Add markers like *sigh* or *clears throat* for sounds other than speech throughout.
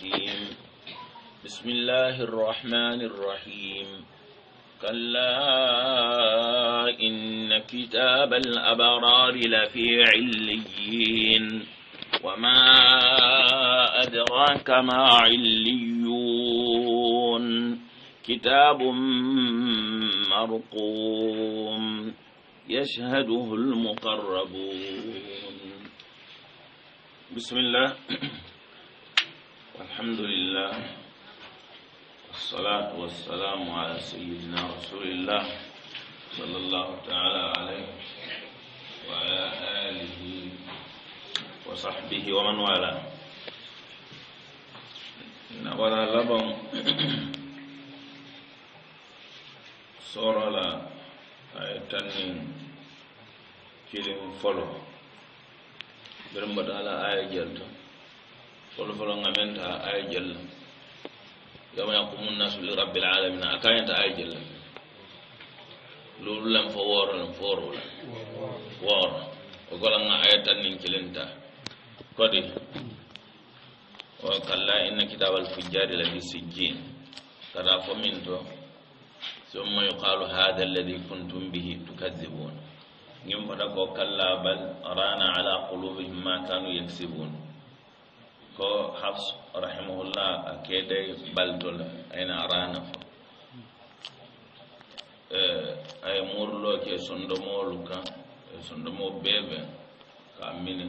الرجيم بسم الله الرحمن الرحيم كلا إن كتاب الأبرار لفي عليين وما أدراك ما عليون كتاب مرقوم يشهده المقربون بسم الله الحمد لله والصلاة والسلام على سيدنا رسول الله صلى الله تعالى عليه وعلى آله وصحبه ومن والاه ولا لبن *clears throat* صور لا آيتان كلمة فلو برمبت على آية جلده folofoloŋa men ta aye jelle yoma yakumu nasu li rabbil alamina a kañata aye jelle lulu len fo wooro len fooro la wooro o golaŋa aye tannin kilinta kodi o kalla inna kitabe al fujjari la fi sijjin kata fo min to summa yuqalu hada alladi kuntum bihi tukadibun ñim fota ko kalla bal rana ala qulubihim ma kanu yaksibun ko hafs rahimahullah keede baltol ena aranafa e, aye murloke sondomolu e ka sondomo beve ka mine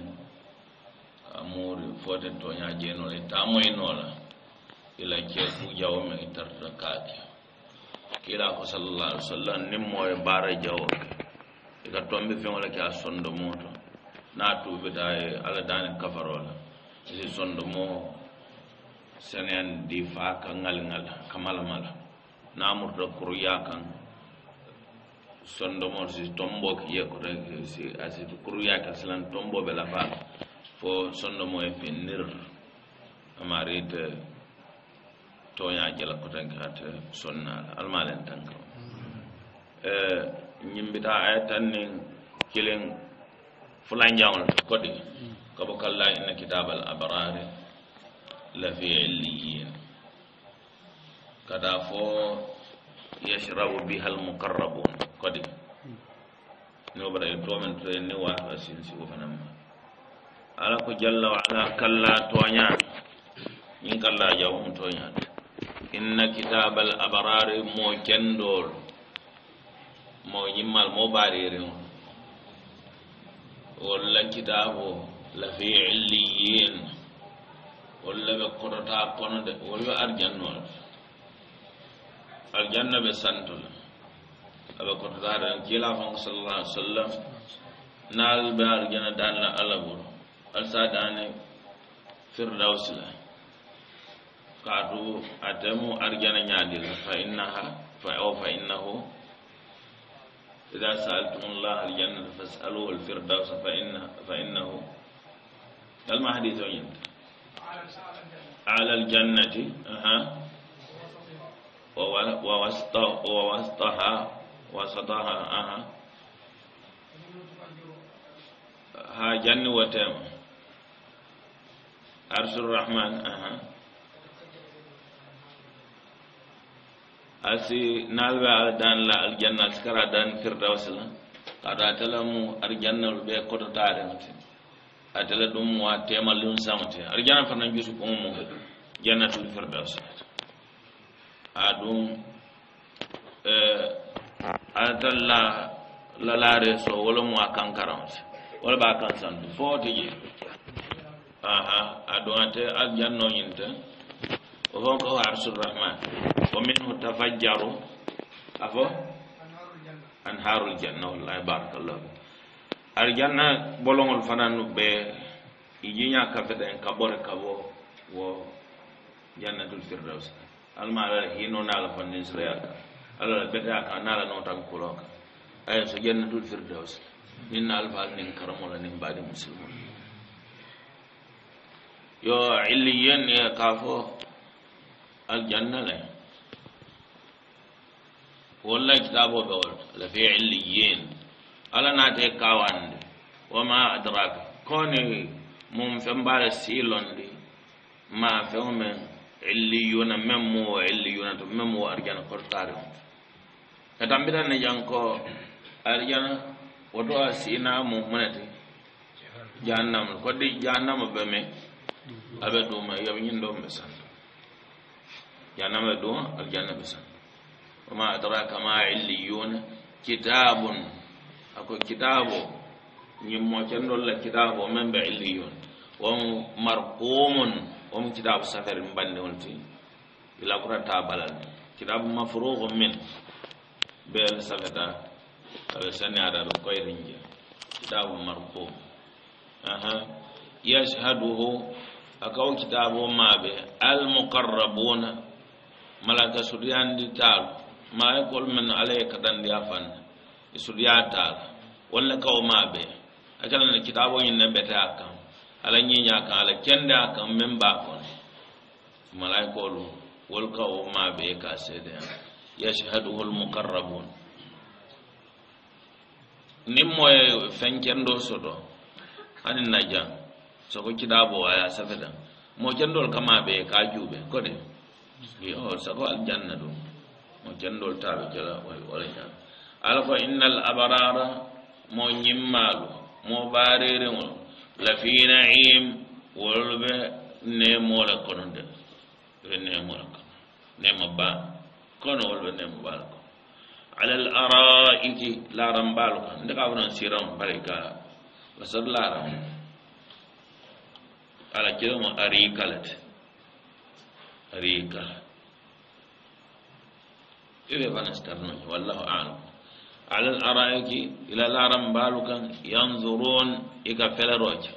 ka muuri fote toñajenola tamoynola ila ke kujawome e tarta kake kila ko sallallah alih sallam nimmoye bara jawoke ika tombe feŋola ke a sondomoto na tuɓetaye ala dani kafarola si sondo mo senen di fa ka ngal ngal kamala mala namur do kuru ya kan sondo mo si tombo ki ye ko re si asi kuru ya ka silan tombo be la fa fo sondo mo e finir amari de toya jela ko tan ka te sonna almalen tan ko e nyimbita ay tan ne kilen fulan jangol ko di kabo kalla inna kitaba al abrari lafi illiyin kada fo yashrabu biha al mukarrabun kadi ni wobara e tomen toye ni wata sinsi wo fenanma ala ko jalla waala kalla toña ñin kalla jawmu toñade inna kitaba al abrari mo cendol mo ñimmal mo baririn walla kitabo لفي عليين ولا بكرة كون ده ولا ارجنون الجنة بسنتنا أبا كنت دارا كلا فان صلى الله عليه وسلم نال بار جنة دان لا الله بور ألسا دان فردوس لا كاتو أدمو أرجنة نادل فإنها فأو فإنه إذا سألتم الله الجنة فاسألوه الفردوس فإنه, فإنه قال ما حديثه عند على الجنة أها ووسط ووسطها وسطها أها ها جن وتم عرش الرحمن أها أسي نالبا دان لا الجنة سكرا دان فردوس لا قد أتلمو الجنة بيقود تاريخ atela ɗum wa temalle um samate aɗa jana farna jusu ko mumuhe jannatude ferdasonata a ɗum e, aɗata la lalare so wala mo a kankaramte wala ba kansante fote je aha aɗum ate a jannoñinte o fon ko arsulrahman o minhu tafajjaru afo anharul janna wallahi barakallahu fik arijanna bolongol fananu ɓe ijiña kafeta en kaɓore kabo wo jannatul firdaus alma alala hino nala fanninsirayaka alala ɓeteyaka nala notan kuloka ayen so jannatul firdaus ninna alfaal nin karamola nin mbaɗi musilmol yo illiyen e ka fo aljanna le wolla kitaboɓe wol ala fe illiyen ala naate kawande woma adrak koni mum fen mbaɗa siilonde ma few men illiyuna men muwo illiyuna to men muwo arjana kortare on e tambitanne janko arjan woto asina mu munati jahannama ko di ɓe be me ɗuma ma ñin ɗon ɓe santo jahannama ɓe ɗuma arjanna ɓe santo woma adraka ma illiyuna kitabun ako kitabo ñimmo kendolla kitabo men ɓe illiyon on marqumun on kitabu sakari mbandi wonti ila kura tabalal kitabu mafrugu min beel sakata aɓe sani aɗa ɗo koyrinje kitabu marqum yashhaduhu akawo kitabo maɓe almuqarrabuna malaka suriyandi taalu maa ekol men alaye katandiya fanna e suryatala walla kawo maɓe hakkilana kitabo ñinne mbete a kan ala ñiña kan ala kende a kan men mba kone malaykolum wol kawo maɓe ka seede a yashhaduhu lmuqarrabun nin moye fen kendo soto hani na jan soko kitabo aya safeda mo kendol ka maɓe ka juuɓe kode o sago aljanna ɗum mo kendol taɓe kela wala ñana alako innal abarara mo ñimmaalu mo baareriŋol lafi naim wolu be nemole kono de be nemole kono nema ba kono wolu be nema baal kono alal araiki laaram baalu ka nde ka fonon siram bare ka basat laaram ala kilomo arikalate arika ɓe ɓe fana starnoñi wallahu alam alal araiki ila laram mbaalu kan yanzurun ika feleroje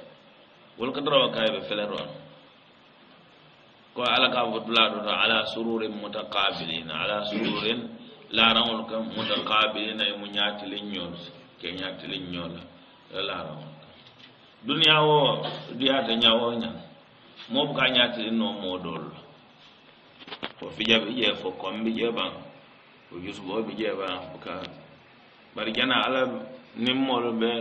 wol ka darawa kayiɓe feleron ko ala ka fotulaɗoto ala sururin mutaqabilin ala sururin laranol kan mutaqabilin e mu ñatiliñol ke ñatiliñola ila laranol kan duniya o duyata ñawo ñan moɓ ka ñatilinno moɗollo ko fijaɓe ƴe fo kombi ƴe ɓan ko jusɓoɓe ƴe ɓan ka bari jana ala nimmolu ɓe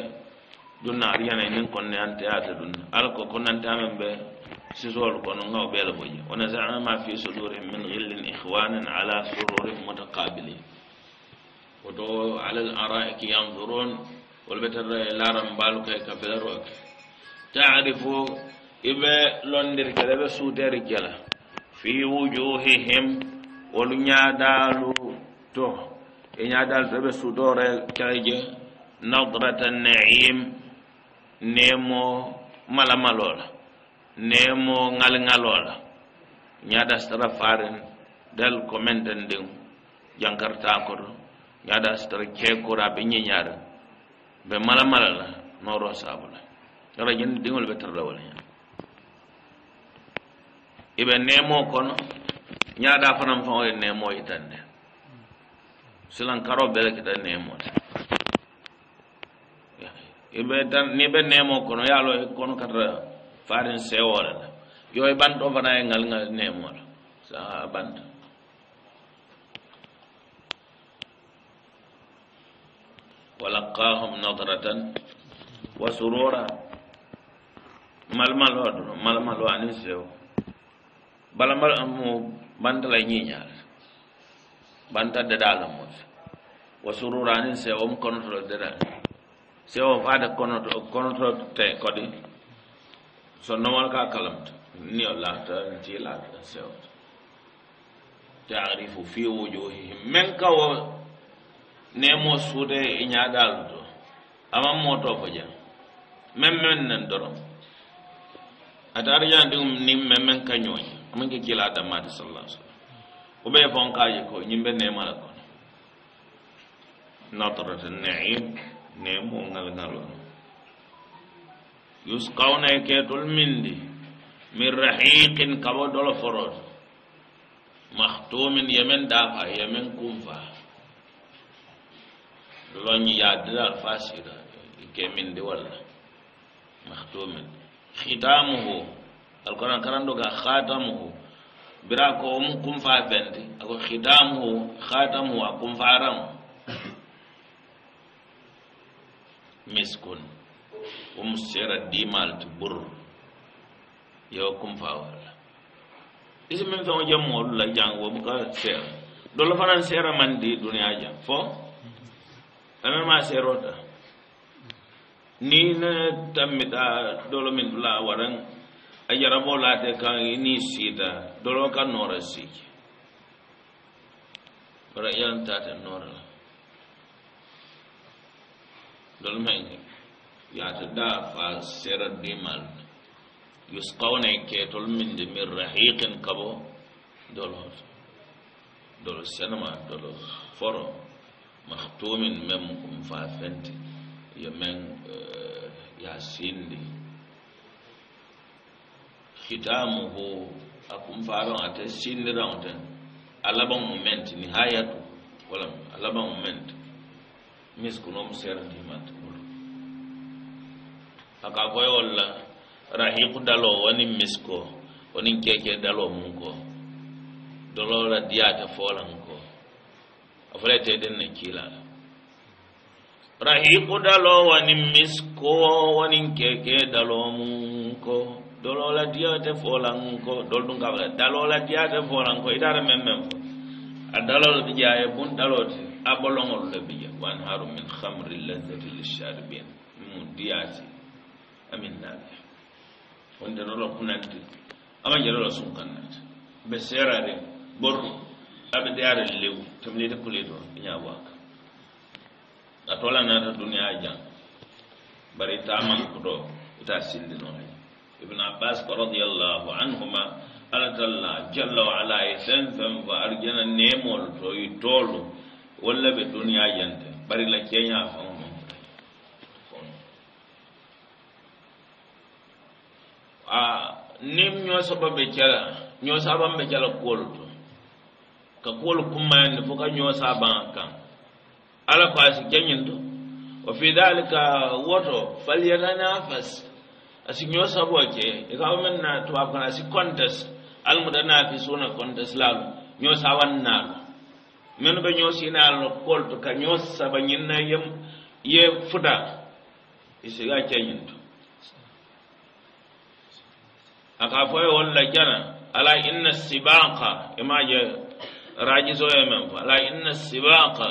dunna ar janay min konne ante yata dunna ala ko konnante amen ɓe sisolu ko no gawa ɓeele boƴe wona zanama fi sudurihim min gillin ihwanin ala sururin mutaqabilin woto alal araiki yandurun wolɓetata e laaran mbalukay ka belaroke taarifu iɓe londir kele ɓe suuteri kela fi wujuhihim wolu ñaadaalu to iñaadal e to ɓe sudore kaje nadrata naim nemo malamalola nemo ŋalŋalola ñaada sitara faren dal komentanden jankartakor ñaada sitara kekora ɓe ñiñaara ɓe malamalala noro sabula ara jende diŋol ɓe tarlawala ña iɓe nemo kono ñaada fanan fan oye nemo yitande silankaro bele kita nemo ni be nemo kono yalo e kono kata farin sewore la yoy e ban to fana e ngal ngal nemo la sa ban walaqahum nadratan wa surura mal mal wadu mal mal wani sewo bala mal amu bandala nyinyala banta deɗagal mum wo sururani sewom konotoɗo deɗa sewo fade konoto konoto te kodi so nomol ka kalamta nio lata nti lata sewta tarifu fi wujuhihim min ka wo nemo suude e ñaɗalu to ama moto fo jaa min min nen dorom ataarjaɗum ni min min kañooñi amin ke kila damade sallah sallam ko ɓe fonkaji ko yimɓe nemala kon natrata naim nemo ngal ngal on yuskawna e ketol mindi min rahiqin kabo dolo forod mahtumin yemen dafa yemen kumfa loñ yaddidal fasida ke mindi walla mahtumin hitamuhu alkoran karanndoga hatamuhu bira ko mu kumfa bendi ako khidamuhu khatamuhu a kumfaramu miskun omu sera dimalti bur yewo kumfa walla isi min fen o jammoolula jang womu ka sera dolo fanan sera mandi duniya jang fo fanama serota ni ne tammita dolo min dula waran a jarabo late kan ni sida doro ka nɔɔre sigi bara yɛn taata nɔɔre la dolo ma ɲi yaata daa fa sera dimal yusqawna keetol min de min rahiqin kabo dolo dolo senema dolo foro maktumin mem kum fa fenti yo men ya sindi khitamuhu a kun faron ata sindiran otan alaban moment ni hayatu wala alaban moment mis kuno musayar ni matukuru a kakwai wala rahiku dalo wani misko wani keke dalo munko dolora diya ta folan ko a fara ta yi na kila rahiku dalo wani misko wani keke dalo munko dolola diyate folanko dol ɗum kaɓata dalola diyate folanko itata men men fo a dalola ɗiƴa e bun ɗalote a ɓolongol ɗo ɓiƴa wa anharu min hamri lazati lisharbin mu diyati amin nane wonde ɗoɗo kunatde ama jeɗoɗo sunkannata mɓe serade ɓorru aɓe deyare lewu tamilite kolito ñawaka a tolanata duniya jan bari tamankuɗo ita sildinoa ibnu abbas ko radiallahu anhuma alatalla jalla waala e fen fen fo arjana nemol to e toolo walla ɓe duniya jante bari la ceña fan a nim ñoosababe cala ñoosaban ɓe cala kuwolu to ka kuwolu kummayande fo ka ñoosaban kan ala ko asi cañin to wa fi dalika woto falyatanafas asi ñoo saboo ke e ka men na tubaab kono asi contes almudana fi suuna contes laalu ñoo sawan naalo men ɓe ñoo siinaal no kolto ka ñoo saba ñinna yem ye fuda isiga ceñinto aka foye wolla jana ala inna sibaqa imaje e rajiso e men fo ala inna sibaqa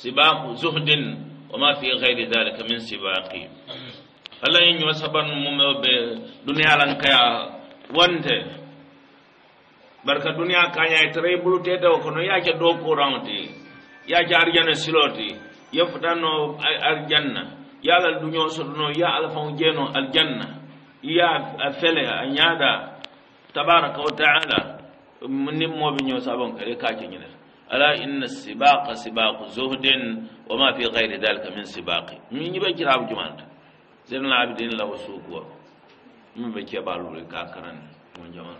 sibaqu zuhdin wama fi gayri dalika min sibaqi alla yiño saɓanu mumeɓe duniyalankaya wonte barka duniya kañay e tara bulutedewo kono yaaca do courant ti yaaca arjana silo ti yefutanno arjanna yaalal duño soduno ya alafan jeeno aljanna ya a fele a ñaada tabaraka wa taala nimmoɓe ño saɓan kaɗe kaceñinata ala inna sibaqa sibaqu zuhdin wa ma fi gayri dalika min sibaqi min ñiɓe ciraɓo jumanata zen la abidin la wasu kuwa min bai ke ba lura ka karan mun jama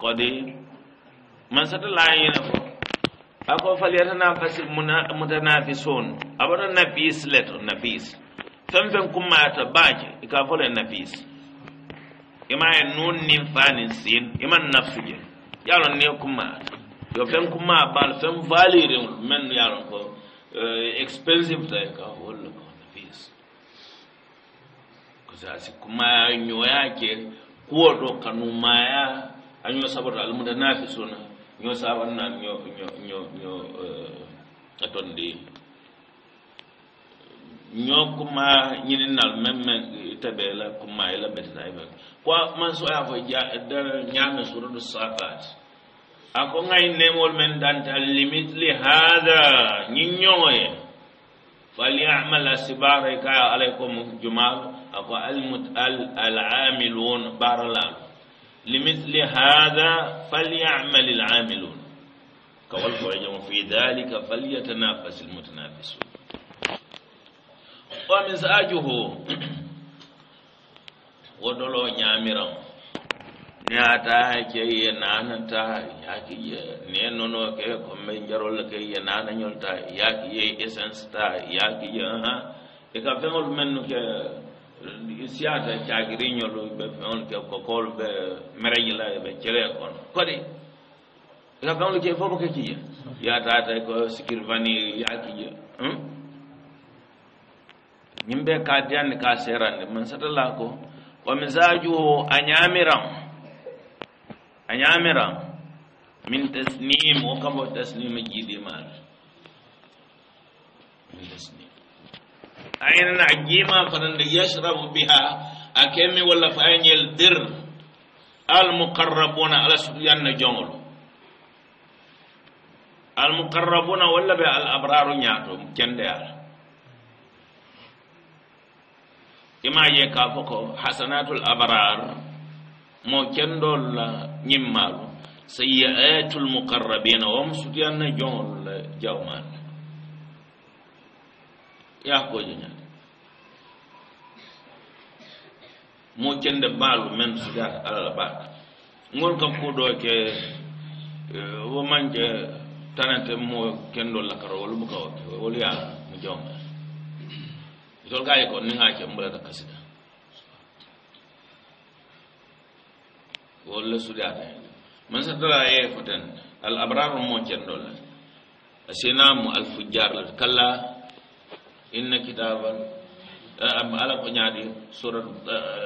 kodi man sata la yi na ko akwai faliyar ta nafasi mutu na fi son abata na bis letter na bis fenfen kuma ya ta baki ika fola na bis ima ya nun nin fanin sin ima nafsu je yaron ne kuma yo fen kuma ba fen valirin men yaron ko eh, expensive ta ka wallahi sa sikku maya ñoyake kuwo ɗo kanu maya a ño saboto almuda naafi suna ño sawanna ño ño ño ño eh, a tonde ño kuma ñininal meme teɓe la kumay la ɓetetaye ko man soya fo da ñame suratu safat ako ngay nemol men dantal limite li hada ñi ñoye فليعمل السبار عليكم جمال اكو العاملون بارلا لمثل هذا فليعمل العاملون كوالفعجم في ذلك فليتنافس المتنافسون ومزاجه *coughs* ودلو نعمرهم ñaata keye nananta yaki ye ne nono ke comme njarol ke ye nananolta yaki ye essence ta yaki ye e ka feŋol men ke siyata cagiriñol ɓe feŋol ke kokol ɓe mereñla ɓe cere kono kodi e ka feŋol ke fofo ke kiye yatata ko sikirvani yaki ye hmm? ñimɓe ka diyandi ka serandi man satala ko wa misaju a ñamiran a ñaamira min tasnim o kambo tasnim jiiɗi e maaɗa min tasnim aynana a jiima fotande yashrabu biha a kemmi walla fayñel dir almuqarrabuna ala suyanna jongolo almuqarrabuna walla ɓe al abraru ñaato cende ala imaje ka foko hasanatul abrare mo kendol eh, ñimmalu sayiatu lmuqarrabina wom sutiyanna joŋol eh, jawmanda yakojo ñande mo kende baalu men sutiyata alala baa ngon kam koɗo ke eh, wo manke tanante mo kendol lakara wolu bukawoke wolu yaa mo jawma itol gayi ko ni ga ke mbulata kasida ولا سجادة من سترى أيه فتن الأبرار موجن دولا سينام الفجار كلا إن كتاب أم على قنادي سورة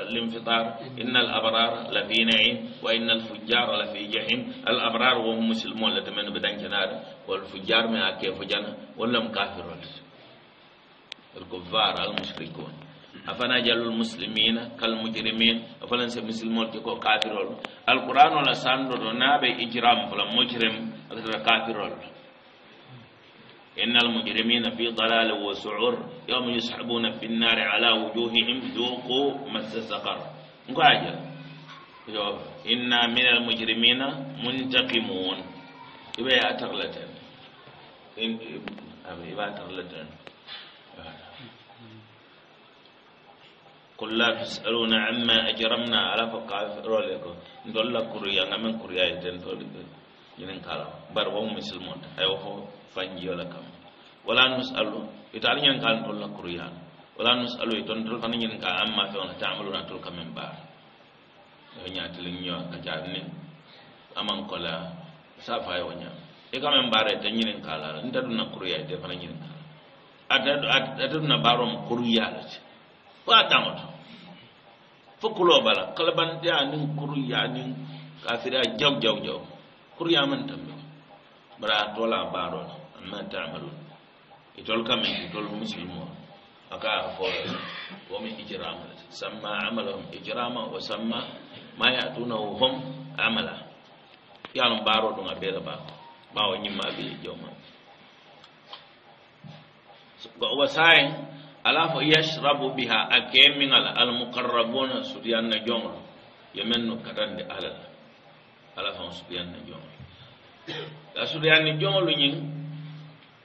الانفطار إن الأبرار لفي نعيم وإن الفجار لفي جحيم الأبرار هم مسلمون لتمنى بدن كنار والفجار من أكيف جنة ولم كافر الكفار المشركون أفنى جل المسلمين كالمجرمين أفنى المسلمون تكو كافرون القرآن ولا ساندر ناب إجرام فلا مجرم أكثر كافرون إن المجرمين في ضلال وسعور يوم يسحبون في النار على وجوههم ذوقوا مس سقر مكاجة إن من المجرمين منتقمون إبا يأتغلتن إبا يأتغلتن إبا يأتغلتن ko la tusaluna amma ajramna ala ko kafirole ko dolla kuruya ngamen kuruyaye ten toli ɓe inin kala bar wo musilme ta ayo fo fanjiyola kam wala nusalu ita ala ñinin kala tolla kuruyano wala nusalu ton tol kana ñinin kala amma fewna tamaluna tol kamen baar yo ñatili ñowa kajarni aman kola safa yo ña i kamen baare te ñinin kalala nta duna kuruyaye te fana ñinin kala atatuna baaromo kuruyalati fo a tanŋoto fo kuloo bala kalabante aniŋ kuru aniŋ kafiri a jaw jaw jaw kuru yaman tambe bara a tola a baaro le ama taamalun itol kame itol musilimo a ka a foore wo min ijrama le samma amalahum ijrama wa samma ma yatunahu hom amala yaloŋ baaro ɗum a beera baako bawo ñimma bile jawma wa saa en ala fo yashrabu biha a kemiŋala almukarrabuna sutiyanna joŋolu yemennu katandi ala la ala faŋ sutiyanna joŋolu ka sutiyanni joŋolu ñiŋ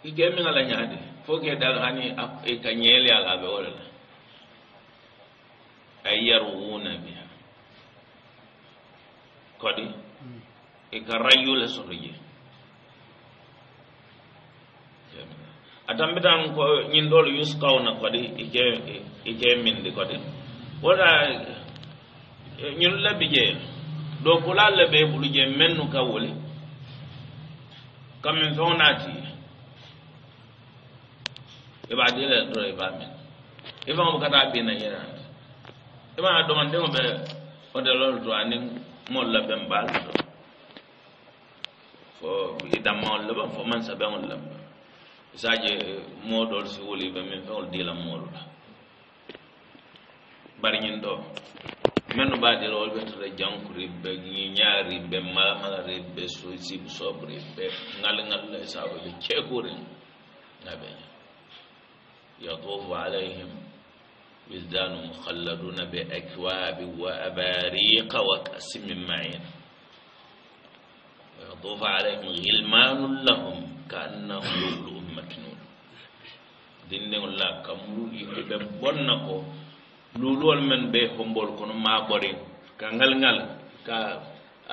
i kemiŋala ñaadi fo ke dahani ka ñeeli ala be wo le la ay yarwuna biha kodi hmm. i ka rayyu le soto jee a tambitan ko ñindolo yus kawna kadi ike e ike e mindi kadi wota e, ñin labbi jeeya do kula labbe ɓulu je mennu ka woli kammin fewo naati eɓa dila doro e bamen ifamo kata bina yerande ima a domandego ɓe odelolo to anin mol labben baalo to fo i dammaol laban fo man saɓeol labban sadje moɗol si wuli ɓe min fewol dila moɗuɗa bariñin ɗo mennu mbaɗira ol ɓettata jankuriɓɓe ñaariɓɓe malmalariɓɓe sibu sobriɓɓe ngalngalla e saɓaɓe cekuri naɓeña yatufu alayhim wisdanu mukhalladuna be akwabi wa abariqa wa kasimin main wayatufu alayhim gilmanu lahum ka annahum dinneolla kamru yimɓeɓe bonna ko luluwol men ɓe hombol kono maɓorin ka ngal ngal ka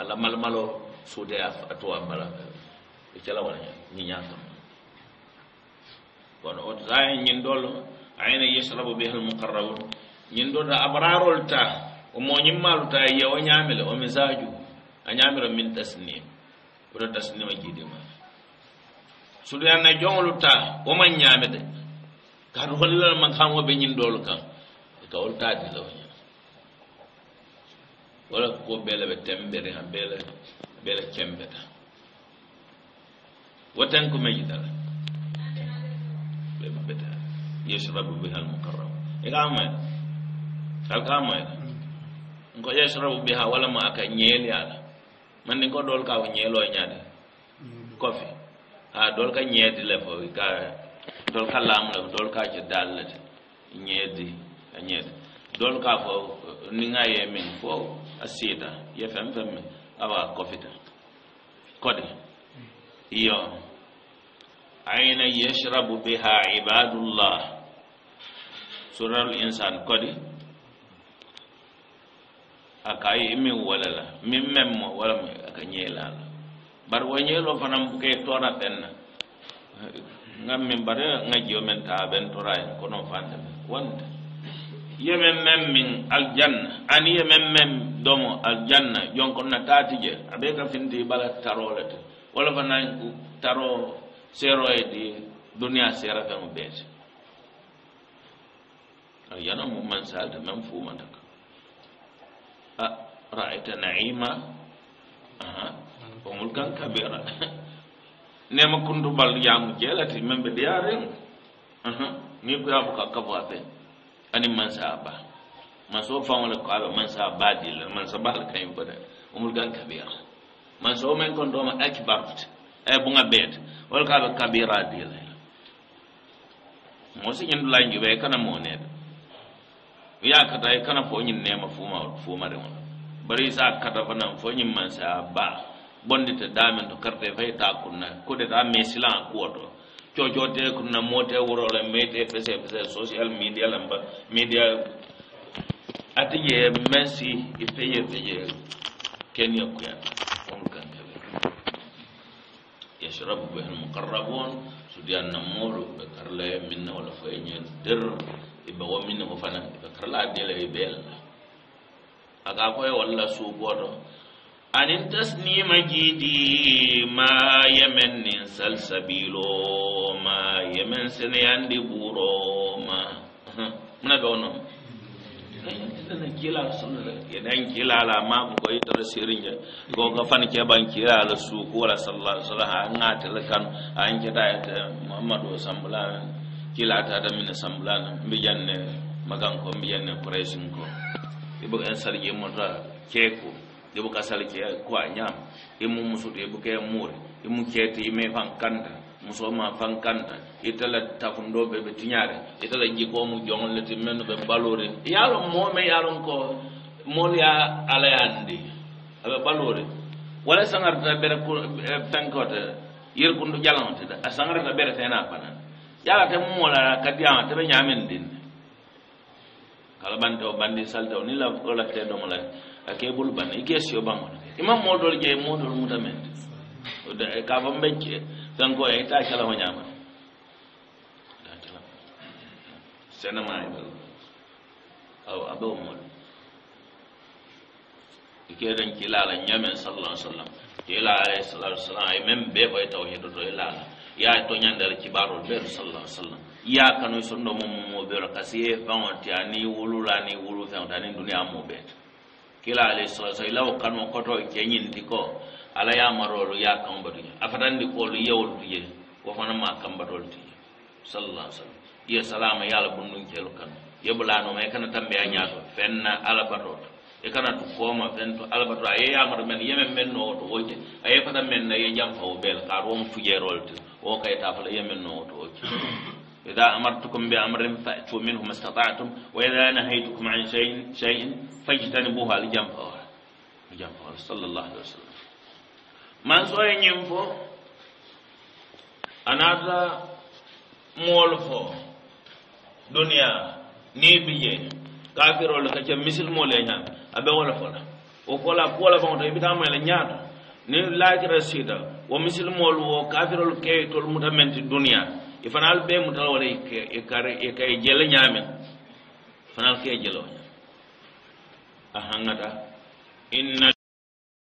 alamalmalo suude a towa mbala ɓe calawal ñiñakam kono o ta e ñinɗol ayna yeslabo be hal mukarrabun ñinɗoɗo abrarol ta o moñimmalu ta e yiya o ñamele o misaju a ñamira min tasnim oto tasnima jiidima suɗuyanna jongolu ta woman ñamede kan hollama kan o beñinɗolo kan e ka ol taadilawoña wala ko beele ɓe temɓere ha beele beele cembeta watan ko meƴitala ɓe maɓɓeta yesrabu biha almukarram e ka amoya kal ka amoyata ko yesrabu biha wala ma aka ñeeli ala mandi ko ɗol ka ko ñeeloñade kofe ha ɗol ka ñeedile fo ka dol ka lamude ko dol ka ce dallete ñeedi a ñeede dol ka fo ningaye min fo a siida ye fem fem mi awa kofita kode iyo aina yashrabu biha ibadullah suraal insan kodi aka yi min walala min mem mo wala mo aka ñeelala bar wo ñeelo fanam bukey toona ɓenna ngam min mbaɗa ŋajjo men taa ɓentora en ko noon fande men wonde yemen men min aljanna ani yemen men domo aljanna jonko na taatije aɓe ka finti ɓala tarolete wala fa nan taro seero e ɗi duniya seera kan o ɓeete aljanna mumman salde men fumata ka a ah, ra'ita naima omul kan kabira *laughs* nema kundu bal yamu jeelati memɓe ɗiya rem uhuh. ni ko yaabo ka kafa ɓe ani man sa ba man so fawle ko aɓe man sa badilla man sa bala kañum bada omul gal kabira man so men kon ɗoma ɗaki barfte ey bonga ɓeede wala ko aɓe kabira dila mo siñandula juɓe e kana moneede yakata e kana foñin nema fuma fumare ona bari sa katafanan foñin man sa baa bondite damen to karte fay ta kunna kudeta mai silan kuwato cocote kunna mote wurole mete pese pese social media lamba media atige mensi ifeye feye kenya kuyata onkangewe yashrabu bihal muqarrabun sudiyan namoru be karle minna wala fayenye dir ibe wa minna ko fana be karla dela ibe yalla aga koy wala suu goto anin tasnima jiidi ma yemen nin salsabilo ma yemen seneyandi ɓuuro ma mna gaw noon ena jilala sol enen jilala mago koy tara sérinje goga fan keɓan kilala suuku wala salah salah a ŋatele kan an keta yete mouhamadou samblane kilatata mine samblane mbijanne magan ko mbijanne presin ko i bog en sarje mota ceeku yobo ka sal ke quoi ñam imu musuɗo yobo ke muure imu ceete ime fan kanta musoma fan kanta itala tafundo ɓe ɓe tiñaare itala jikomu jonglete men ɓe balorin yaalon moome yaalon ko molya alayandi aɓe balore wala e, sangarta ɓere tankote yerkundu ƴalanotede a sangarata ɓere tena banan ƴalate mumolaa kadiyama teɓe ñamen dinde ala ɓantewo bandi saltewo ni la olatte domo lati a ke bulu bane i kee sio bangol imam modol jeye modol mutamende ka fom ɓecce tanko e ta calamo ñaman senema e aw aɓe o mol i ke ren ki laala ñamen salalah ai sallam te ila alayhi salatu wasalam ay e même ɓe koye tawhidoto e laala ya toñandere cibatol ɓeeto salalah ai sallam iya kanu sun do mun mo be ro kasi e fa on ti ani wulu la ni wulu fa on ani duniya mo be kila ale so so ila o kanu ko to ke nyin ti ko ala ya maro ro ya kan ba duniya afatan di ko lu yawul ti je ko fa na ma kan ba dol ti sallallahu alaihi ya salama ya la bunun ke lu kan ye bula no me kana tambe a nya to fenna ala ba to e kana tu ko ma fen to ala ba to ay ya maro men yemen men no to wote ay fa da men na ye jam fa o bel ka ro mu fuje rol ti o kay ta fa yemen no to wote ida amartukum bi amrin fatu minhu ma stataatum wa ida nahaytukum an shayin fajtanibuhu aljanfawa aljanfawa sallallahu alihi wa sallam man soye ñin fo anata moolu fo duniya ni bije kafirole kacce misilmole ñan aɓe wola fola o fola poola bangoto ibitamoyla ñaato ni lakira sida wo misilmoolu wo kafirol keytol muta menti duniya i fana al bee mutala wala i kay jele ñaamen fana al ke jeleo ñaam a hangata inna